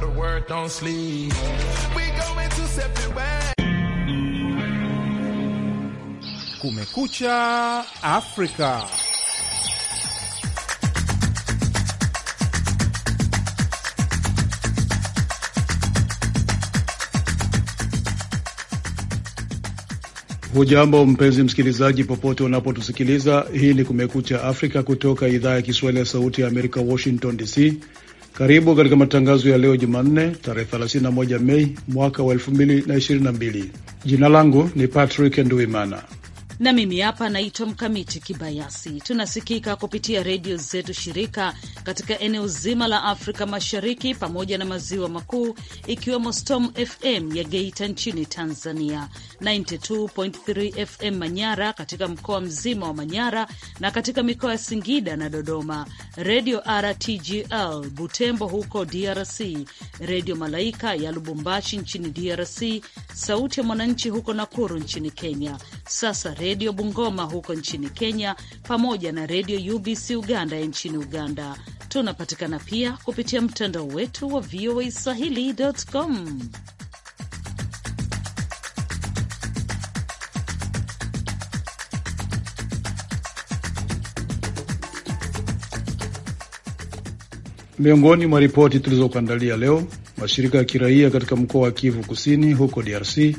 better word, don't sleep. We going two separate ways. Kumekucha Africa. Hujambo mpenzi msikilizaji, popote unapotusikiliza. Hii ni Kumekucha Afrika kutoka idhaa ya Kiswahili ya Sauti ya Amerika, Washington DC. Karibu katika matangazo ya leo Jumanne, tarehe 31 Mei mwaka wa 2022. Jina langu ni Patrick Nduimana na mimi hapa naitwa Mkamiti Kibayasi. Tunasikika kupitia redio zetu shirika katika eneo zima la Afrika Mashariki pamoja na maziwa makuu, ikiwemo Storm FM ya Geita nchini Tanzania, 92.3 FM Manyara katika mkoa mzima wa Manyara na katika mikoa ya Singida na Dodoma, redio RTGL Butembo huko DRC, redio Malaika ya Lubumbashi nchini DRC, sauti ya mwananchi huko Nakuru nchini Kenya. Sasa Redio Bungoma huko nchini Kenya, pamoja na Redio UBC Uganda ya nchini Uganda. Tunapatikana pia kupitia mtandao wetu wa VOA Swahili.com. Miongoni mwa ripoti tulizokuandalia leo, mashirika ya kiraia katika mkoa wa Kivu Kusini huko DRC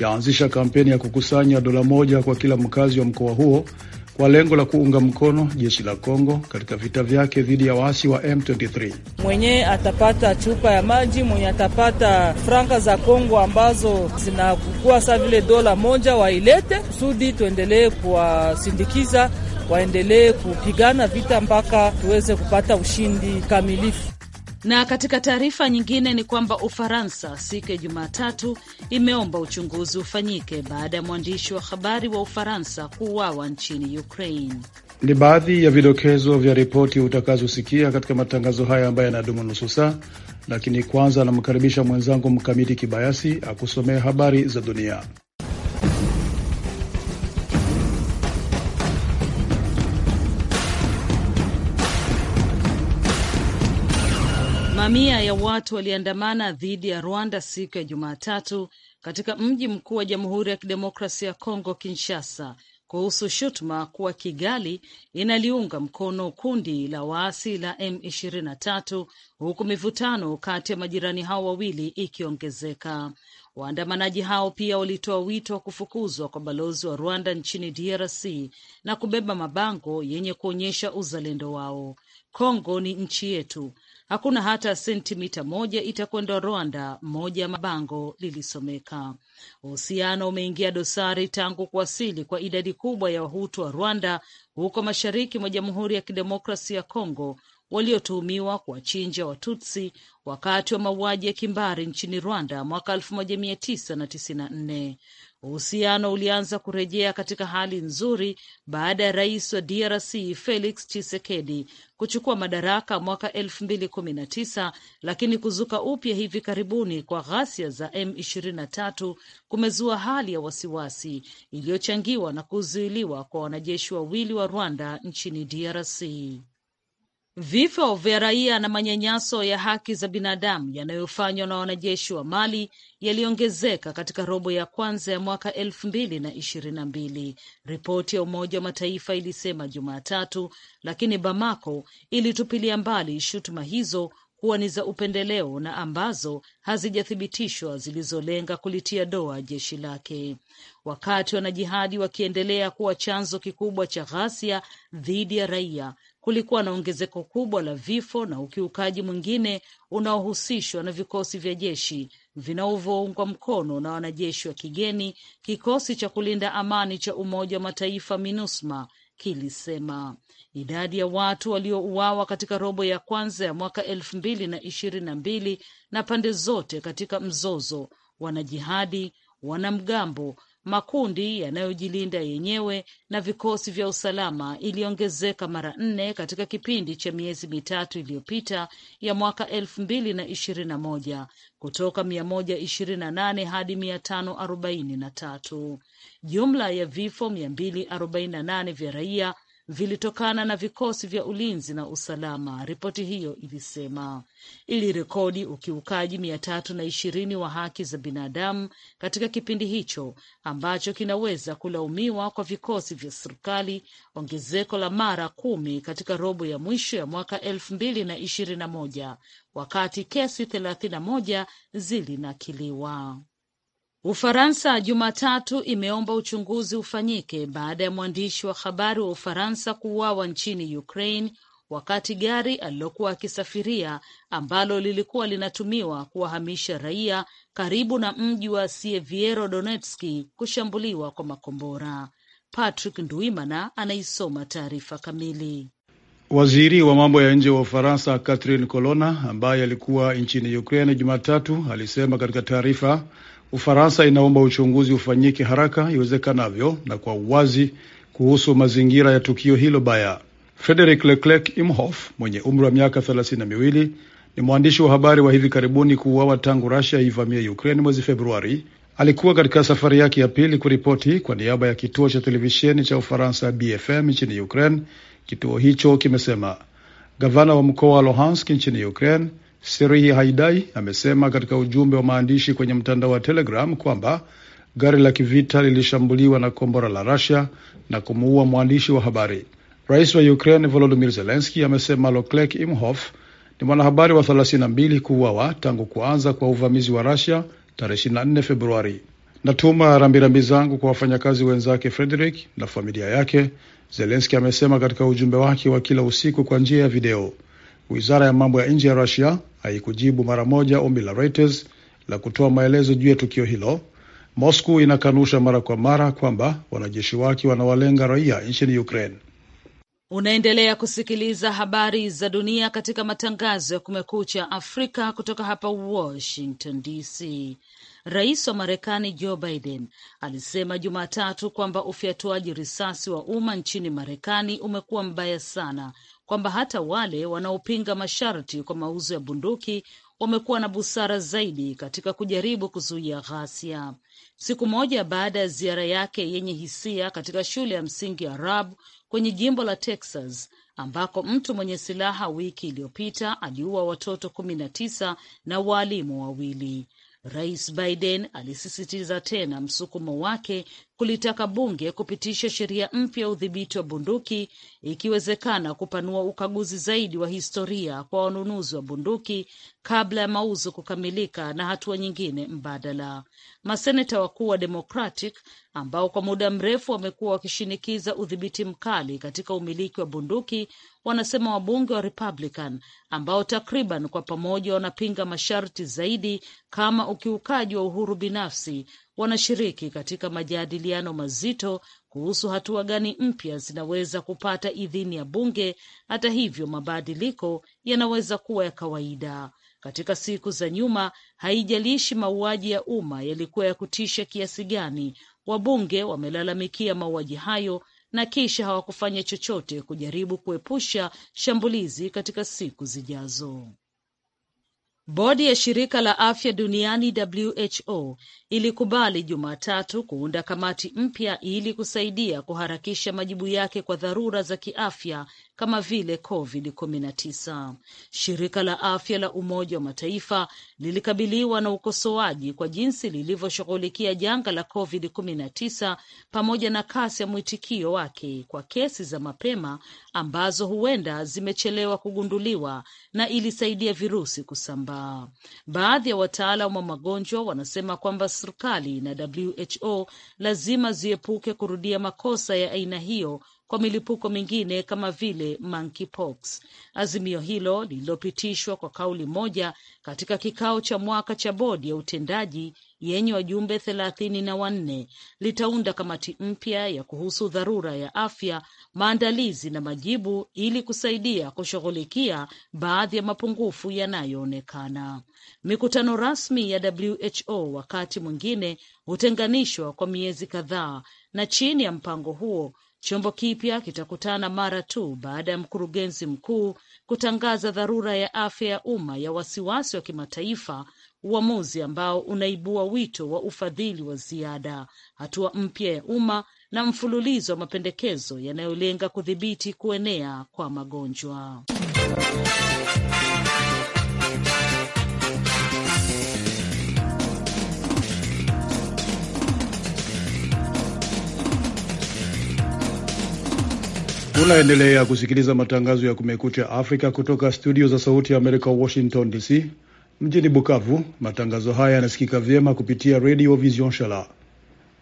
yaanzisha kampeni ya kukusanya dola moja kwa kila mkazi wa mkoa huo kwa lengo la kuunga mkono jeshi la Kongo katika vita vyake dhidi ya waasi wa M23. Mwenye atapata chupa ya maji, mwenye atapata franka za Kongo ambazo zinakuwa saa vile dola moja, wailete kusudi tuendelee kuwasindikiza, waendelee kupigana vita mpaka tuweze kupata ushindi kamilifu. Na katika taarifa nyingine ni kwamba Ufaransa siku ya Jumatatu imeomba uchunguzi ufanyike baada ya mwandishi wa habari wa Ufaransa kuuawa nchini Ukraine. Ni baadhi ya vidokezo vya ripoti utakazosikia katika matangazo haya ambayo yanadumu nusu saa, lakini kwanza anamkaribisha mwenzangu Mkamiti Kibayasi akusomea habari za dunia. Mamia ya watu waliandamana dhidi ya Rwanda siku ya Jumatatu katika mji mkuu wa Jamhuri ya Kidemokrasia ya Kongo, Kinshasa, kuhusu shutuma kuwa Kigali inaliunga mkono kundi la waasi la M23, huku mivutano kati ya majirani hao wawili ikiongezeka. Waandamanaji hao pia walitoa wito wa kufukuzwa kwa balozi wa Rwanda nchini DRC na kubeba mabango yenye kuonyesha uzalendo wao. Kongo ni nchi yetu, hakuna hata sentimita moja itakwenda Rwanda, moja ya mabango lilisomeka. Uhusiano umeingia dosari tangu kuwasili kwa idadi kubwa ya Wahutu wa Rwanda huko mashariki mwa Jamhuri ya Kidemokrasi ya Kongo waliotuhumiwa kuwachinja Watutsi wakati wa mauaji ya kimbari nchini Rwanda mwaka 1994. Uhusiano ulianza kurejea katika hali nzuri baada ya rais wa DRC Felix Tshisekedi kuchukua madaraka mwaka elfu mbili kumi na tisa, lakini kuzuka upya hivi karibuni kwa ghasia za M23 kumezua hali ya wasiwasi iliyochangiwa na kuzuiliwa kwa wanajeshi wawili wa Rwanda nchini DRC. Vifo vya raia na manyanyaso ya haki za binadamu yanayofanywa na wanajeshi wa Mali yaliongezeka katika robo ya kwanza ya mwaka elfu mbili na ishirini na mbili, ripoti ya Umoja wa Mataifa ilisema Jumatatu, lakini Bamako ilitupilia mbali shutuma hizo kuwa ni za upendeleo na ambazo hazijathibitishwa zilizolenga kulitia doa jeshi lake, wakati wanajihadi wakiendelea kuwa chanzo kikubwa cha ghasia dhidi ya raia. Kulikuwa na ongezeko kubwa la vifo na ukiukaji mwingine unaohusishwa na vikosi vya jeshi vinavyoungwa mkono na wanajeshi wa kigeni, kikosi cha kulinda amani cha Umoja wa Mataifa MINUSMA kilisema idadi ya watu waliouawa katika robo ya kwanza ya mwaka elfu mbili na ishirini na mbili na pande zote katika mzozo, wanajihadi, wanamgambo makundi yanayojilinda yenyewe na vikosi vya usalama iliongezeka mara nne katika kipindi cha miezi mitatu iliyopita ya mwaka elfu mbili na ishirini na moja kutoka mia moja ishirini na nane hadi mia tano arobaini na tatu. Jumla ya vifo mia mbili arobaini na nane vya raia vilitokana na vikosi vya ulinzi na usalama, ripoti hiyo ilisema. Ilirekodi ukiukaji mia tatu na ishirini wa haki za binadamu katika kipindi hicho ambacho kinaweza kulaumiwa kwa vikosi vya serikali, ongezeko la mara kumi katika robo ya mwisho ya mwaka elfu mbili na ishirini na moja wakati kesi thelathini na moja zilinakiliwa. Ufaransa Jumatatu imeomba uchunguzi ufanyike baada ya mwandishi wa habari wa Ufaransa kuuawa nchini Ukraine wakati gari alilokuwa akisafiria ambalo lilikuwa linatumiwa kuwahamisha raia karibu na mji wa Sieviero Donetski kushambuliwa kwa makombora. Patrick Nduimana anaisoma taarifa kamili. Waziri wa mambo ya nje wa Ufaransa Catherine Colonna ambaye alikuwa nchini Ukraine Jumatatu alisema katika taarifa Ufaransa inaomba uchunguzi ufanyike haraka iwezekanavyo na kwa uwazi kuhusu mazingira ya tukio hilo baya. Frederick Leclerc Imhoff mwenye umri wa miaka thelathini na miwili ni mwandishi wa habari wa hivi karibuni kuuawa tangu Russia ivamia Ukraine mwezi Februari. Alikuwa katika safari yake ya pili kuripoti kwa niaba ya kituo cha televisheni cha Ufaransa BFM nchini Ukraine. Kituo hicho kimesema gavana wa mkoa wa Luhansk nchini Ukraine Sirihi Haidai amesema katika ujumbe wa maandishi kwenye mtandao wa Telegram kwamba gari la kivita lilishambuliwa na kombora la rasia na kumuua mwandishi wa habari. Rais wa Ukraine volodimir zelenski amesema Loklek Imhof ni mwanahabari wa 32 kuuawa tangu kuanza kwa uvamizi wa rasia tarehe 24 Februari. Natuma rambirambi zangu kwa wafanyakazi wenzake Frederick na familia yake, zelenski amesema katika ujumbe wake wa kila usiku kwa njia ya video. Wizara ya mambo ya nje ya Rusia haikujibu mara moja ombi la Reuters la kutoa maelezo juu ya tukio hilo. Moscow inakanusha mara kwa mara kwamba wanajeshi wake wanawalenga raia nchini Ukraine. Unaendelea kusikiliza habari za dunia katika matangazo ya Kumekucha Afrika kutoka hapa Washington DC. Rais wa Marekani Joe Biden alisema Jumatatu kwamba ufyatuaji risasi wa umma nchini Marekani umekuwa mbaya sana kwamba hata wale wanaopinga masharti kwa mauzo ya bunduki wamekuwa na busara zaidi katika kujaribu kuzuia ghasia. Siku moja baada ya ziara yake yenye hisia katika shule ya msingi ya Rab kwenye jimbo la Texas ambako mtu mwenye silaha wiki iliyopita aliua watoto kumi na tisa na waalimu wawili, Rais Biden alisisitiza tena msukumo wake kulitaka bunge kupitisha sheria mpya ya udhibiti wa bunduki, ikiwezekana kupanua ukaguzi zaidi wa historia kwa wanunuzi wa bunduki kabla ya mauzo kukamilika na hatua nyingine mbadala. Maseneta wakuu wa Democratic ambao kwa muda mrefu wamekuwa wakishinikiza udhibiti mkali katika umiliki wa bunduki wanasema wabunge wa Republican ambao takriban kwa pamoja wanapinga masharti zaidi kama ukiukaji wa uhuru binafsi wanashiriki katika majadiliano mazito kuhusu hatua gani mpya zinaweza kupata idhini ya bunge. Hata hivyo, mabadiliko yanaweza kuwa ya kawaida. Katika siku za nyuma, haijalishi mauaji ya umma yalikuwa ya kutisha kiasi gani, wabunge wamelalamikia mauaji hayo na kisha hawakufanya chochote kujaribu kuepusha shambulizi katika siku zijazo. Bodi ya shirika la afya duniani WHO ilikubali Jumatatu kuunda kamati mpya ili kusaidia kuharakisha majibu yake kwa dharura za kiafya kama vile COVID-19. Shirika la afya la Umoja wa Mataifa lilikabiliwa na ukosoaji kwa jinsi lilivyoshughulikia janga la COVID-19 pamoja na kasi ya mwitikio wake kwa kesi za mapema ambazo huenda zimechelewa kugunduliwa na ilisaidia virusi kusambaa. Baadhi ya wataalam wa magonjwa wanasema kwamba serikali na WHO lazima ziepuke kurudia makosa ya aina hiyo kwa milipuko mingine kama vile monkeypox. Azimio hilo lililopitishwa kwa kauli moja katika kikao cha mwaka cha bodi ya utendaji yenye wajumbe thelathini na wanne litaunda kamati mpya ya kuhusu dharura ya afya, maandalizi na majibu ili kusaidia kushughulikia baadhi ya mapungufu yanayoonekana. Mikutano rasmi ya WHO wakati mwingine hutenganishwa kwa miezi kadhaa, na chini ya mpango huo Chombo kipya kitakutana mara tu baada ya mkurugenzi mkuu kutangaza dharura ya afya ya umma ya wasiwasi wa kimataifa, uamuzi ambao unaibua wito wa ufadhili wa ziada, hatua mpya ya umma na mfululizo wa mapendekezo yanayolenga kudhibiti kuenea kwa magonjwa. Unaendelea kusikiliza matangazo ya Kumekucha Afrika kutoka studio za Sauti ya Amerika, Washington DC. Mjini Bukavu, matangazo haya yanasikika vyema kupitia Radio Vision Shala.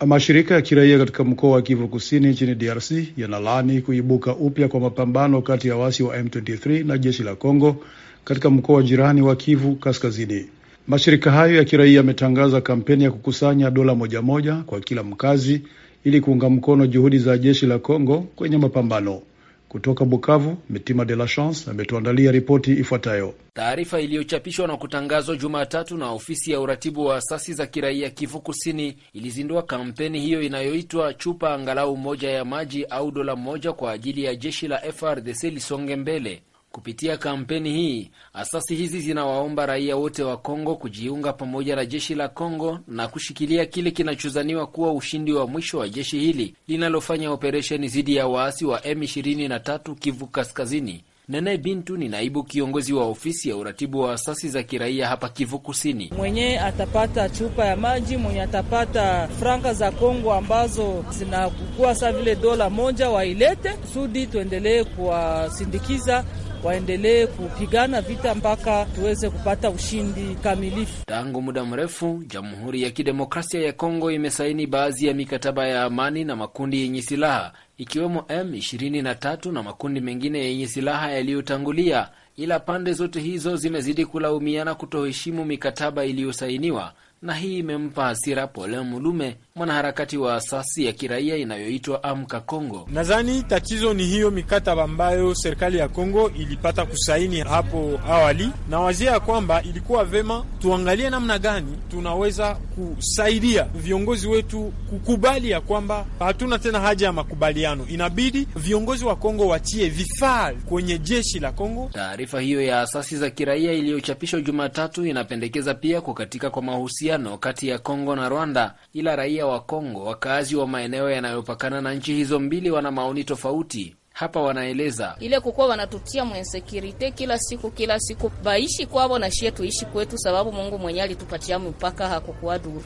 Mashirika ya kiraia katika mkoa wa Kivu Kusini nchini DRC yanalaani kuibuka upya kwa mapambano kati ya waasi wa M23 na jeshi la congo katika mkoa wa jirani wa Kivu Kaskazini. Mashirika hayo ya kiraia yametangaza kampeni ya kukusanya dola moja moja kwa kila mkazi ili kuunga mkono juhudi za jeshi la Kongo kwenye mapambano. Kutoka Bukavu, Mitima de la Chance ametuandalia ripoti ifuatayo. Taarifa iliyochapishwa na kutangazwa Jumatatu na ofisi ya uratibu wa asasi za kiraia Kivu Kusini ilizindua kampeni hiyo inayoitwa chupa angalau moja ya maji au dola moja kwa ajili ya jeshi la FRDC lisonge mbele. Kupitia kampeni hii, asasi hizi zinawaomba raia wote wa Kongo kujiunga pamoja na jeshi la Kongo na kushikilia kile kinachozaniwa kuwa ushindi wa mwisho wa jeshi hili linalofanya operesheni dhidi ya waasi wa M23 Kivu Kaskazini. Nene Bintu ni naibu kiongozi wa ofisi ya uratibu wa asasi za kiraia hapa Kivu Kusini. Mwenye atapata chupa ya maji, mwenye atapata franka za Kongo ambazo zinakuwa saa vile dola moja, wailete kusudi tuendelee kuwasindikiza waendelee kupigana vita mpaka tuweze kupata ushindi kamilifu. Tangu muda mrefu, Jamhuri ya Kidemokrasia ya Kongo imesaini baadhi ya mikataba ya amani na makundi yenye silaha ikiwemo M23 na makundi mengine yenye silaha yaliyotangulia, ila pande zote hizo zimezidi kulaumiana kutoheshimu mikataba iliyosainiwa, na hii imempa hasira Pole Mulume mwanaharakati wa asasi ya kiraia inayoitwa Amka Kongo. Nadhani tatizo ni hiyo mikataba ambayo serikali ya Kongo ilipata kusaini hapo awali, na wazia ya kwamba ilikuwa vema tuangalie namna gani tunaweza kusaidia viongozi wetu kukubali ya kwamba hatuna tena haja ya makubaliano, inabidi viongozi wa Kongo watie vifaa kwenye jeshi la Kongo. Taarifa hiyo ya asasi za kiraia iliyochapishwa Jumatatu inapendekeza pia kukatika kwa mahusiano kati ya Kongo na Rwanda, ila raia wa Kongo, wakaazi wa maeneo yanayopakana na nchi hizo mbili wana maoni tofauti. Hapa wanaeleza ile kukuwa wanatutia mwensekirite kila siku kila siku, baishi kwavo na shie tuishi kwetu, sababu Mungu mwenye alitupatia mpaka hakukuwa duru.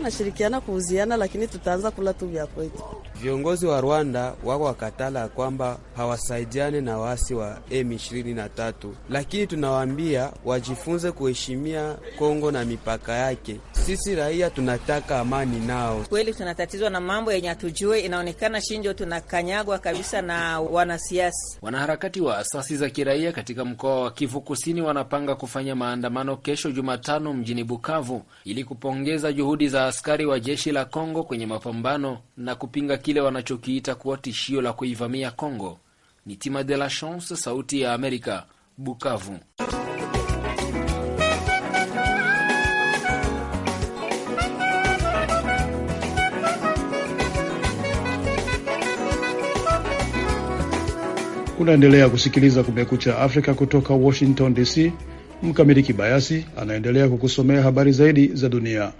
na shirikiana kuuziana, lakini tutaanza kula tu vya kwetu. Viongozi wa Rwanda wako wakatala ya kwamba hawasaidiane na waasi wa M23, lakini tunawaambia wajifunze kuheshimia Kongo na mipaka yake. Sisi raia tunataka amani nao. Kweli tunatatizwa na mambo yenye hatujue, inaonekana shinjo tunakanyagwa kabisa na wanasiasa. Wanaharakati wa asasi za kiraia katika mkoa wa Kivu Kusini wanapanga kufanya maandamano kesho Jumatano mjini Bukavu ili kupongeza juhudi za askari wa jeshi la Kongo kwenye mapambano na kupinga kile wanachokiita kuwa tishio la kuivamia Kongo. Ni Tima de la Chance, Sauti ya Amerika, Bukavu. Unaendelea kusikiliza Kumekucha Afrika kutoka Washington DC. Mkamili Kibayasi anaendelea kukusomea habari zaidi za dunia.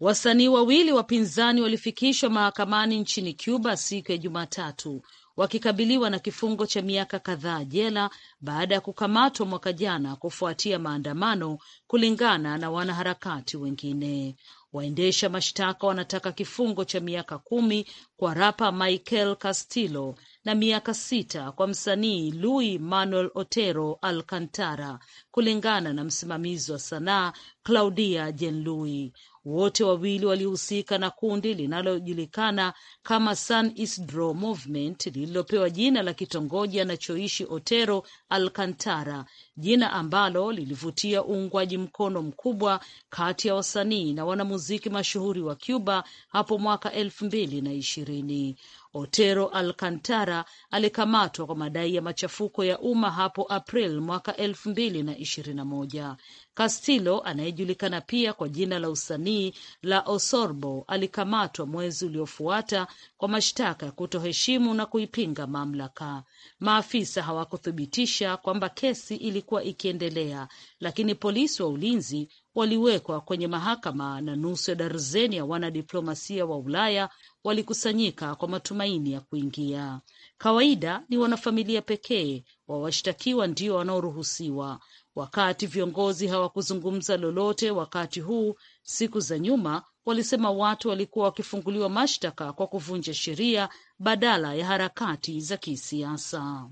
Wasanii wawili wapinzani walifikishwa mahakamani nchini Cuba siku ya Jumatatu wakikabiliwa na kifungo cha miaka kadhaa jela baada ya kukamatwa mwaka jana kufuatia maandamano, kulingana na wanaharakati wengine. Waendesha mashtaka wanataka kifungo cha miaka kumi kwa rapa Michael Castillo na miaka sita kwa msanii Luis Manuel Otero Alcantara, kulingana na msimamizi wa sanaa Claudia Jenlui. Wote wawili walihusika na kundi linalojulikana kama San Isidro Movement lililopewa jina la kitongoji anachoishi Otero Alcantara, jina ambalo lilivutia uungwaji mkono mkubwa kati ya wasanii na wanamuziki mashuhuri wa Cuba hapo mwaka elfu mbili na ishirini. Otero Alcantara alikamatwa kwa madai ya machafuko ya umma hapo April mwaka elfu mbili na ishirini na moja. Castillo anayejulikana pia kwa jina la usanii la Osorbo alikamatwa mwezi uliofuata kwa mashtaka ya kutoheshimu na kuipinga mamlaka. Maafisa hawakuthibitisha kwamba kesi ilikuwa ikiendelea, lakini polisi wa ulinzi waliwekwa kwenye mahakama na nusu ya darzeni ya wanadiplomasia wa Ulaya walikusanyika kwa matumaini ya kuingia. Kawaida ni wanafamilia pekee wa washtakiwa ndio wanaoruhusiwa. Wakati viongozi hawakuzungumza lolote wakati huu, siku za nyuma walisema watu walikuwa wakifunguliwa mashtaka kwa kuvunja sheria badala ya harakati za kisiasa.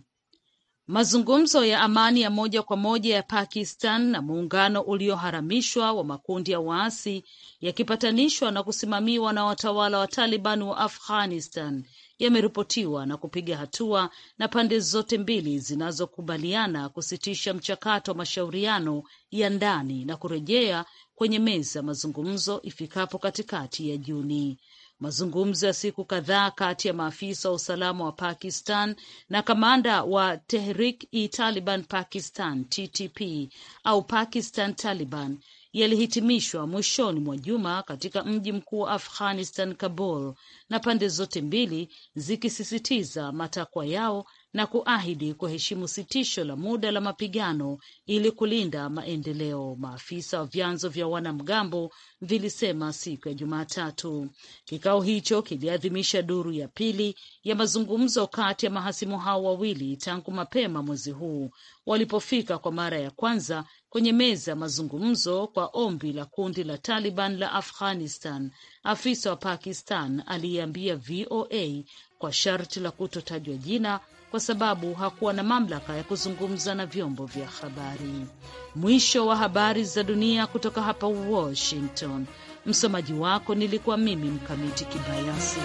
Mazungumzo ya amani ya moja kwa moja ya Pakistan na muungano ulioharamishwa wa makundi ya waasi yakipatanishwa na kusimamiwa na watawala wa Taliban wa Afghanistan yameripotiwa na kupiga hatua na pande zote mbili zinazokubaliana kusitisha mchakato wa mashauriano ya ndani na kurejea kwenye meza ya mazungumzo ifikapo katikati ya Juni. Mazungumzo ya siku kadhaa kati ya maafisa wa usalama wa Pakistan na kamanda wa Tehrik-i-Taliban Pakistan TTP au Pakistan Taliban yalihitimishwa mwishoni mwa juma katika mji mkuu wa Afghanistan, Kabul, na pande zote mbili zikisisitiza matakwa yao na kuahidi kuheshimu sitisho la muda la mapigano ili kulinda maendeleo, maafisa wa vyanzo vya wanamgambo vilisema siku ya Jumatatu. Kikao hicho kiliadhimisha duru ya pili ya mazungumzo kati ya mahasimu hao wawili tangu mapema mwezi huu walipofika kwa mara ya kwanza kwenye meza ya mazungumzo kwa ombi la kundi la Taliban la Afghanistan, afisa wa Pakistan aliyeambia VOA kwa sharti la kutotajwa jina kwa sababu hakuwa na mamlaka ya kuzungumza na vyombo vya habari. Mwisho wa habari za dunia kutoka hapa Washington. Msomaji wako nilikuwa mimi Mkamiti Kibayasi.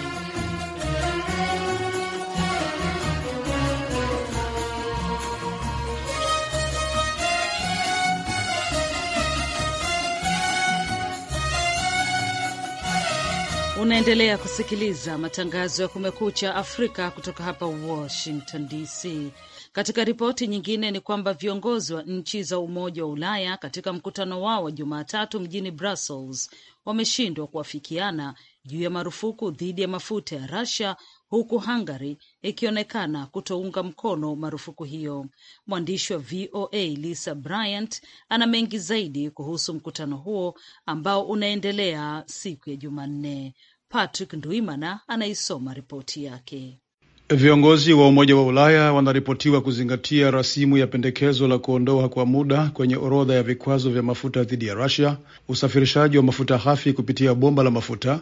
Unaendelea kusikiliza matangazo ya Kumekucha Afrika kutoka hapa Washington DC. Katika ripoti nyingine ni kwamba viongozi wa nchi za Umoja wa Ulaya katika mkutano wao wa Jumatatu mjini Brussels wameshindwa kuafikiana juu ya marufuku dhidi ya mafuta ya Russia huku Hungary ikionekana kutounga mkono marufuku hiyo. Mwandishi wa VOA Lisa Bryant ana mengi zaidi kuhusu mkutano huo ambao unaendelea siku ya Jumanne. Patrick nduimana anaisoma ripoti yake. Viongozi wa Umoja wa Ulaya wanaripotiwa kuzingatia rasimu ya pendekezo la kuondoa kwa muda kwenye orodha ya vikwazo vya mafuta dhidi ya rasia usafirishaji wa mafuta hafi kupitia bomba la mafuta,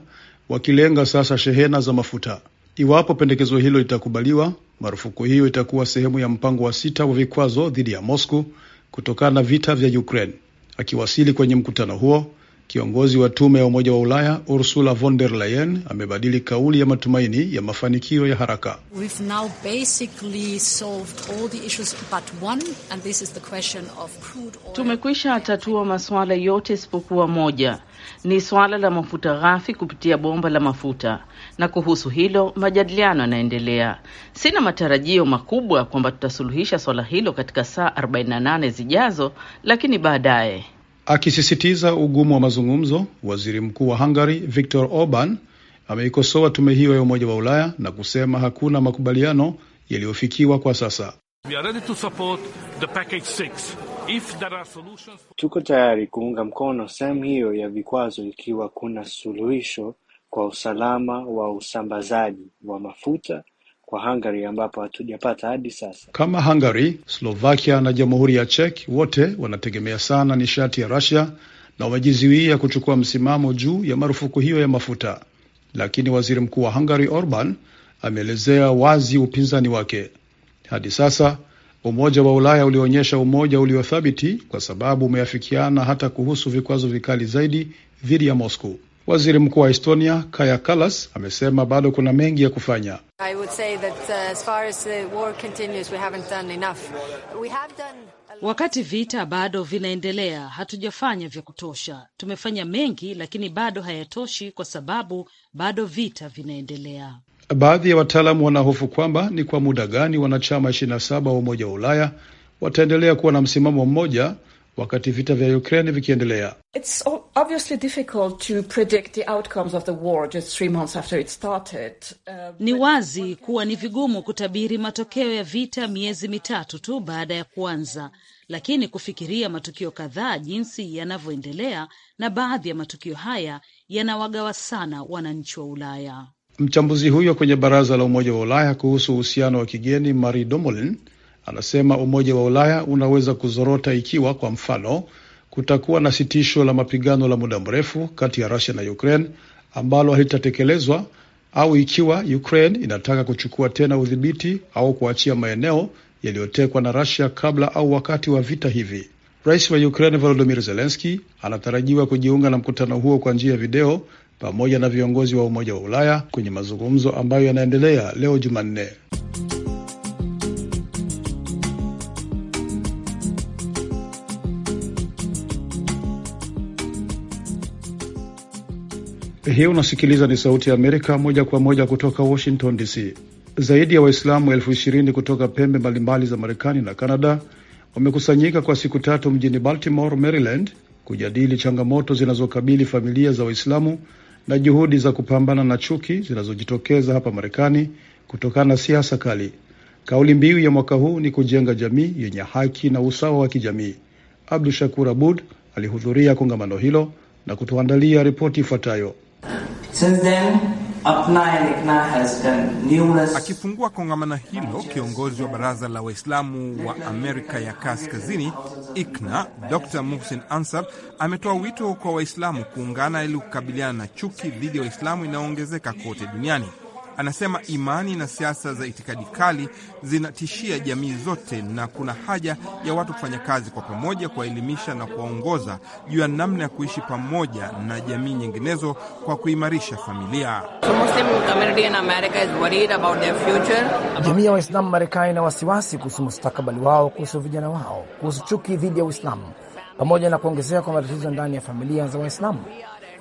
wakilenga sasa shehena za mafuta. Iwapo pendekezo hilo litakubaliwa, marufuku hiyo itakuwa sehemu ya mpango wa sita wa vikwazo dhidi ya Moscow kutokana na vita vya Ukraine. Akiwasili kwenye mkutano huo, Kiongozi wa tume ya Umoja wa Ulaya Ursula von der Leyen amebadili kauli ya matumaini ya mafanikio ya haraka. Tumekwisha tatua masuala yote isipokuwa moja, ni suala la mafuta ghafi kupitia bomba la mafuta, na kuhusu hilo majadiliano yanaendelea. Sina matarajio makubwa kwamba tutasuluhisha swala hilo katika saa 48 zijazo, lakini baadaye Akisisitiza ugumu wa mazungumzo, waziri mkuu wa Hungary Viktor Orban ameikosoa tume hiyo ya Umoja wa Ulaya na kusema hakuna makubaliano yaliyofikiwa kwa sasa. tuko tayari kuunga mkono sehemu hiyo ya vikwazo ikiwa kuna suluhisho kwa usalama wa usambazaji wa mafuta kwa Hungary ambapo hatujapata hadi sasa. Kama Hungary, Slovakia na Jamhuri ya Czech wote wanategemea sana nishati ya Russia na wamejizuia kuchukua msimamo juu ya marufuku hiyo ya mafuta. Lakini waziri mkuu wa Hungary Orban ameelezea wazi upinzani wake. Hadi sasa Umoja wa Ulaya ulionyesha umoja uliothabiti kwa sababu umeafikiana hata kuhusu vikwazo vikali zaidi dhidi ya Moscow. Waziri Mkuu wa Estonia Kaja Kallas amesema bado kuna mengi ya kufanya. Uh, Wakati vita bado vinaendelea, hatujafanya vya kutosha. Tumefanya mengi, lakini bado hayatoshi kwa sababu bado vita vinaendelea. Baadhi ya wataalamu wanahofu kwamba ni kwa muda gani wanachama 27 wa Umoja wa Ulaya wataendelea kuwa na msimamo mmoja wakati vita vya Ukraine vikiendelea. Uh, ni wazi kuwa ni vigumu kutabiri matokeo ya vita miezi mitatu tu baada ya kuanza, lakini kufikiria matukio kadhaa jinsi yanavyoendelea, na baadhi ya matukio haya yanawagawa sana wananchi wa Ulaya. Mchambuzi huyo kwenye baraza la Umoja wa Ulaya kuhusu uhusiano wa kigeni Marie Domolin Anasema Umoja wa Ulaya unaweza kuzorota ikiwa kwa mfano kutakuwa na sitisho la mapigano la muda mrefu kati ya Rusia na Ukraine ambalo halitatekelezwa au ikiwa Ukraine inataka kuchukua tena udhibiti au kuachia maeneo yaliyotekwa na rasia kabla au wakati wa vita hivi. Rais wa Ukraine Volodymyr Zelensky anatarajiwa kujiunga na mkutano huo kwa njia ya video pamoja na viongozi wa Umoja wa Ulaya kwenye mazungumzo ambayo yanaendelea leo Jumanne. Hii unasikiliza ni Sauti ya Amerika moja kwa moja kutoka Washington DC. Zaidi ya Waislamu elfu ishirini kutoka pembe mbalimbali za Marekani na Kanada wamekusanyika kwa siku tatu mjini Baltimore, Maryland, kujadili changamoto zinazokabili familia za Waislamu na juhudi za kupambana na chuki zinazojitokeza hapa Marekani kutokana na siasa kali. Kauli mbiu ya mwaka huu ni kujenga jamii yenye haki na usawa wa kijamii. Abdu Shakur Abud alihudhuria kongamano hilo na kutuandalia ripoti ifuatayo. Akifungua kongamano hilo, kiongozi wa baraza la Waislamu wa Amerika ya Kaskazini IKNA, Dr. Muhsin Ansar ametoa wito kwa Waislamu kuungana ili kukabiliana na chuki dhidi ya Waislamu inayoongezeka kote duniani. Anasema imani na siasa za itikadi kali zinatishia jamii zote, na kuna haja ya watu kufanya kazi kwa pamoja, kuwaelimisha na kuwaongoza juu ya namna ya kuishi pamoja na jamii nyinginezo kwa kuimarisha familia. Jamii ya Waislamu Marekani ina wasiwasi kuhusu mustakabali wao, kuhusu vijana wao, kuhusu chuki dhidi ya Uislamu pamoja na kuongezeka kwa matatizo ndani ya familia za Waislamu.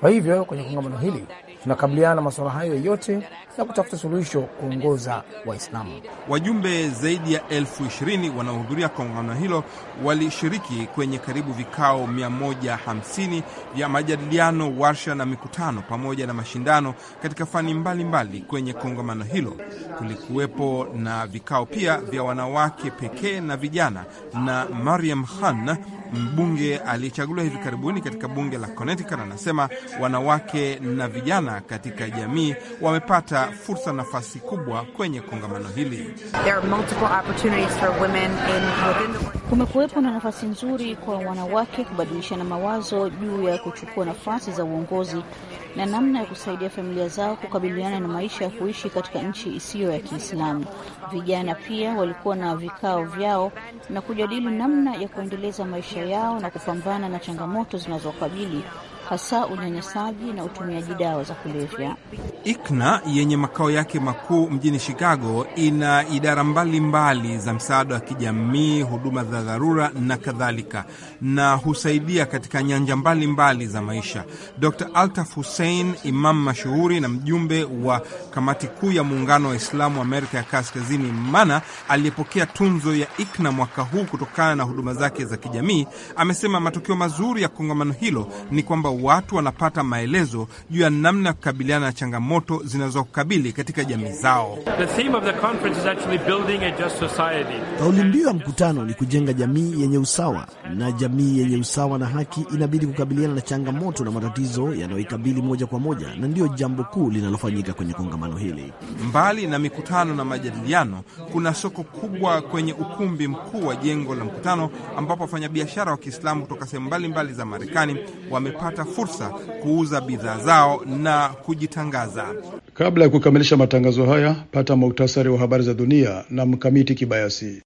Kwa hivyo kwenye kongamano hili tunakabiliana na masuala hayo yote na kutafuta suluhisho kuongoza Waislamu. Wajumbe zaidi ya elfu ishirini wanaohudhuria kongamano hilo walishiriki kwenye karibu vikao 150 vya majadiliano, warsha na mikutano pamoja na mashindano katika fani mbalimbali mbali. Kwenye kongamano hilo kulikuwepo na vikao pia vya wanawake pekee na vijana na Mariam Khan mbunge aliyechaguliwa hivi karibuni katika bunge la Connecticut, anasema wanawake na vijana katika jamii wamepata fursa, nafasi kubwa kwenye kongamano hili. There are multiple opportunities for women in within the Kumekuwepo na nafasi nzuri kwa wanawake kubadilishana mawazo juu ya kuchukua nafasi za uongozi na namna ya kusaidia familia zao kukabiliana na maisha ya kuishi katika nchi isiyo ya Kiislamu. Vijana pia walikuwa na vikao vyao na kujadili namna ya kuendeleza maisha yao na kupambana na changamoto zinazokabili hasa unyanyasaji na utumiaji dawa za kulevya. ICNA yenye makao yake makuu mjini Chicago ina idara mbalimbali mbali za msaada wa kijamii, huduma za dharura na kadhalika, na husaidia katika nyanja mbalimbali mbali za maisha. Dr Altaf Hussein, imamu mashuhuri na mjumbe wa kamati kuu ya muungano wa Islamu Amerika ya Kaskazini, MANA, aliyepokea tunzo ya ICNA mwaka huu kutokana na huduma zake za kijamii, amesema matokeo mazuri ya kongamano hilo ni kwamba watu wanapata maelezo juu ya namna ya kukabiliana na changamoto zinazokabili katika jamii zao. Kauli mbiu ya mkutano ni kujenga jamii yenye usawa, na jamii yenye usawa na haki inabidi kukabiliana na changamoto na matatizo yanayoikabili moja kwa moja, na ndiyo jambo kuu linalofanyika kwenye kongamano hili. Mbali na mikutano na majadiliano, kuna soko kubwa kwenye ukumbi mkuu wa jengo la mkutano, ambapo wafanyabiashara wa Kiislamu kutoka sehemu mbalimbali za Marekani wamepata fursa kuuza bidhaa zao na kujitangaza. Kabla ya kukamilisha matangazo haya, pata muktasari wa habari za dunia na Mkamiti Kibayasi.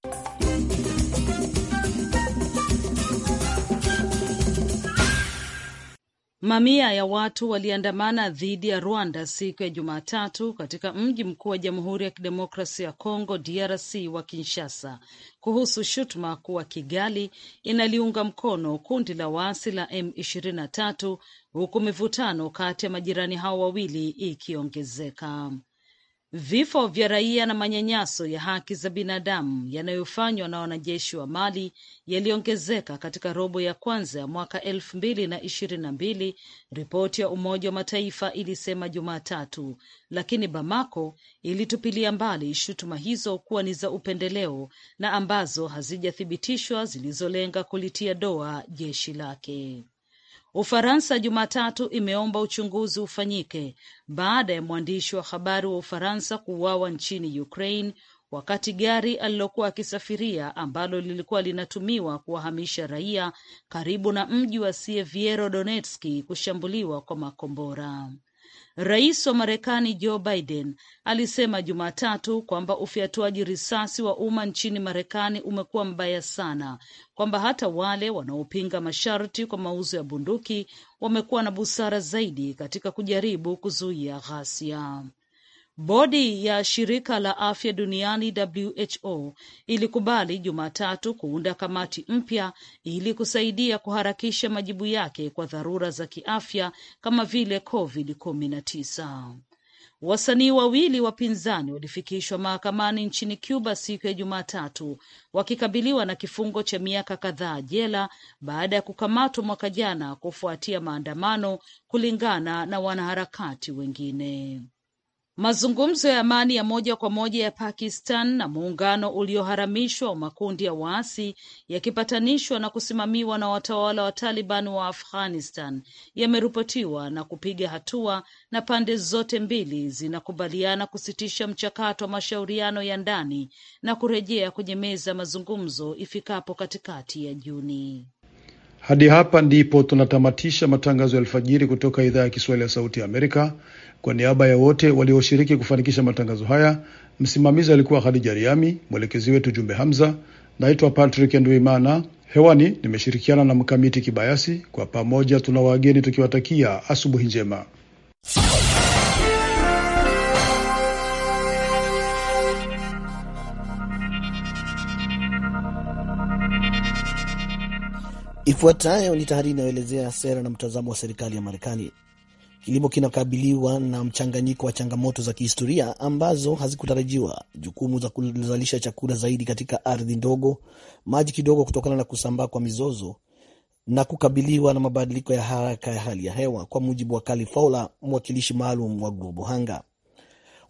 Mamia ya watu waliandamana dhidi ya Rwanda siku ya Jumatatu katika mji mkuu wa Jamhuri ya Kidemokrasia ya Kongo DRC wa Kinshasa kuhusu shutuma kuwa Kigali inaliunga mkono kundi la waasi la M23 huku mivutano kati ya majirani hao wawili ikiongezeka. Vifo vya raia na manyanyaso ya haki za binadamu yanayofanywa na wanajeshi wa Mali yaliongezeka katika robo ya kwanza ya mwaka elfu mbili na ishirini na mbili, ripoti ya Umoja wa Mataifa ilisema Jumatatu, lakini Bamako ilitupilia mbali shutuma hizo kuwa ni za upendeleo na ambazo hazijathibitishwa zilizolenga kulitia doa jeshi lake. Ufaransa Jumatatu imeomba uchunguzi ufanyike baada ya mwandishi wa habari wa Ufaransa kuuawa nchini Ukraine wakati gari alilokuwa akisafiria ambalo lilikuwa linatumiwa kuwahamisha raia karibu na mji wa Sieviero Donetski kushambuliwa kwa makombora. Rais wa Marekani Joe Biden alisema Jumatatu kwamba ufyatuaji risasi wa umma nchini Marekani umekuwa mbaya sana, kwamba hata wale wanaopinga masharti kwa mauzo ya bunduki wamekuwa na busara zaidi katika kujaribu kuzuia ghasia. Bodi ya Shirika la Afya Duniani WHO ilikubali Jumatatu kuunda kamati mpya ili kusaidia kuharakisha majibu yake kwa dharura za kiafya kama vile COVID-19. Wasanii wawili wapinzani walifikishwa mahakamani nchini Cuba siku ya Jumatatu wakikabiliwa na kifungo cha miaka kadhaa jela baada ya kukamatwa mwaka jana kufuatia maandamano, kulingana na wanaharakati wengine. Mazungumzo ya amani ya moja kwa moja ya Pakistan na muungano ulioharamishwa wa makundi ya waasi yakipatanishwa na kusimamiwa na watawala wa Taliban wa Afghanistan yameripotiwa na kupiga hatua na pande zote mbili zinakubaliana kusitisha mchakato wa mashauriano ya ndani na kurejea kwenye meza ya mazungumzo ifikapo katikati ya Juni. Hadi hapa ndipo tunatamatisha matangazo ya alfajiri kutoka idhaa ya Kiswahili ya Sauti ya Amerika. Kwa niaba ya wote walioshiriki kufanikisha matangazo haya, msimamizi alikuwa Hadija Riami, mwelekezi wetu Jumbe Hamza. Naitwa Patrick Nduimana, hewani nimeshirikiana na Mkamiti Kibayasi. Kwa pamoja tuna wageni tukiwatakia asubuhi njema. Ifuatayo ni tahariri inayoelezea sera na mtazamo wa serikali ya Marekani. Kilimo kinakabiliwa na mchanganyiko wa changamoto za kihistoria ambazo hazikutarajiwa: jukumu za kuzalisha chakula zaidi katika ardhi ndogo, maji kidogo kutokana na kusambaa kwa mizozo, na kukabiliwa na mabadiliko ya haraka ya hali ya hewa, kwa mujibu wa Kali Fowler, mwakilishi maalum wa Global Hunger.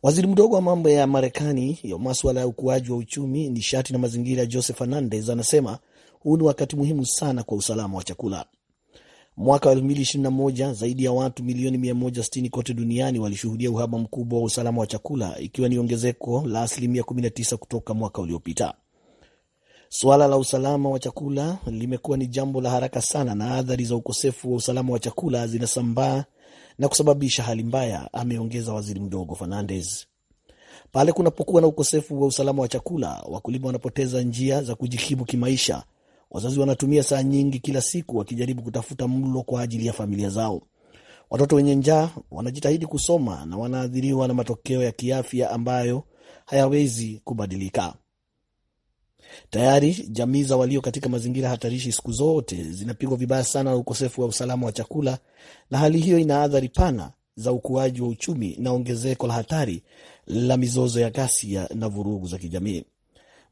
Waziri mdogo wa mambo ya Marekani ya maswala ya ukuaji wa uchumi, nishati na mazingira, Joseph Fernandez, anasema huu ni wakati muhimu sana kwa usalama wa chakula. Mwaka wa 2021 zaidi ya watu milioni 160 kote duniani walishuhudia uhaba mkubwa wa usalama wa chakula, ikiwa ni ongezeko la asilimia 19 kutoka mwaka uliopita. Suala la usalama wa chakula limekuwa ni jambo la haraka sana, na athari za ukosefu wa usalama wa chakula zinasambaa na kusababisha hali mbaya, ameongeza waziri mdogo Fernandez. Pale kunapokuwa na ukosefu wa usalama wa chakula, wakulima wanapoteza njia za kujikimu kimaisha Wazazi wanatumia saa nyingi kila siku wakijaribu kutafuta mlo kwa ajili ya familia zao. Watoto wenye njaa wanajitahidi kusoma na wanaathiriwa na matokeo ya kiafya ambayo hayawezi kubadilika. Tayari jamii za walio katika mazingira hatarishi siku zote zinapigwa vibaya sana na ukosefu wa usalama wa chakula, na hali hiyo ina athari pana za ukuaji wa uchumi na ongezeko la hatari la mizozo ya ghasia na vurugu za kijamii.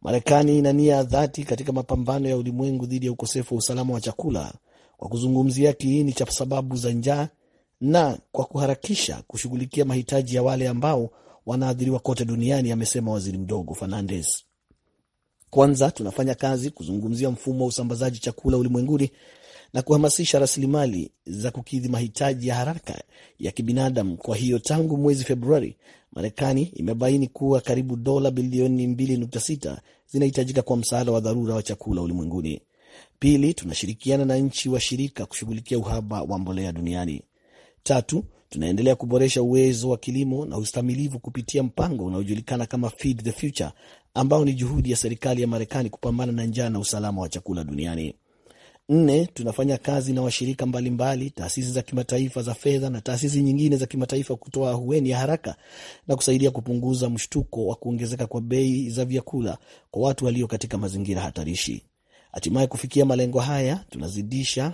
Marekani ina nia ya dhati katika mapambano ya ulimwengu dhidi ya ukosefu wa usalama wa chakula kwa kuzungumzia kiini cha sababu za njaa na kwa kuharakisha kushughulikia mahitaji ya wale ambao wanaathiriwa kote duniani, amesema waziri mdogo Fernandes. Kwanza tunafanya kazi kuzungumzia mfumo wa usambazaji chakula ulimwenguni na kuhamasisha rasilimali za kukidhi mahitaji ya haraka ya kibinadamu. Kwa hiyo tangu mwezi Februari Marekani imebaini kuwa karibu dola bilioni 2.6 zinahitajika kwa msaada wa dharura wa chakula ulimwenguni. Pili, tunashirikiana na nchi washirika kushughulikia uhaba wa mbolea duniani. Tatu, tunaendelea kuboresha uwezo wa kilimo na ustamilivu kupitia mpango unaojulikana kama Feed the Future, ambao ni juhudi ya serikali ya Marekani kupambana na njaa na usalama wa chakula duniani. Nne, tunafanya kazi na washirika mbalimbali, taasisi za kimataifa za fedha na taasisi nyingine za kimataifa kutoa ahueni ya haraka na kusaidia kupunguza mshtuko wa kuongezeka kwa bei za vyakula kwa watu walio katika mazingira hatarishi. Hatimaye, kufikia malengo haya, tunazidisha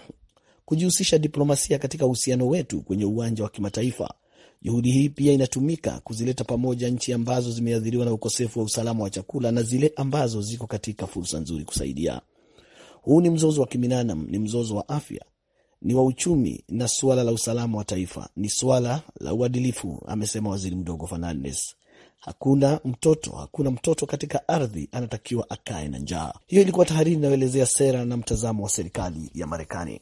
kujihusisha diplomasia katika uhusiano wetu kwenye uwanja wa kimataifa. Juhudi hii pia inatumika kuzileta pamoja nchi ambazo zimeathiriwa na ukosefu wa usalama wa chakula na zile ambazo ziko katika fursa nzuri kusaidia. Huu ni mzozo wa kibinadamu, ni mzozo wa afya, ni wa uchumi na suala la usalama wa taifa, ni suala la uadilifu, amesema waziri mdogo Fernandes. Hakuna mtoto, hakuna mtoto katika ardhi anatakiwa akae na njaa. Hiyo ilikuwa tahariri inayoelezea sera na mtazamo wa serikali ya Marekani.